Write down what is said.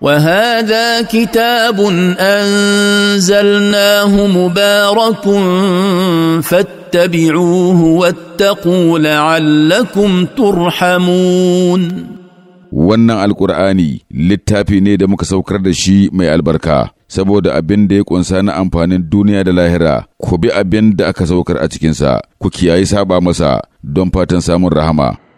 وهذا كتاب انزلناه مبارك فاتبعوه واتقوا لعلكم ترحمون wannan alkur'ani littafi ne da muka saukar da shi mai albarka saboda abin da ya kunsa na amfanin duniya da lahira ku bi abin da aka saukar a cikinsa ku kiyayi saba masa don fatan samun rahama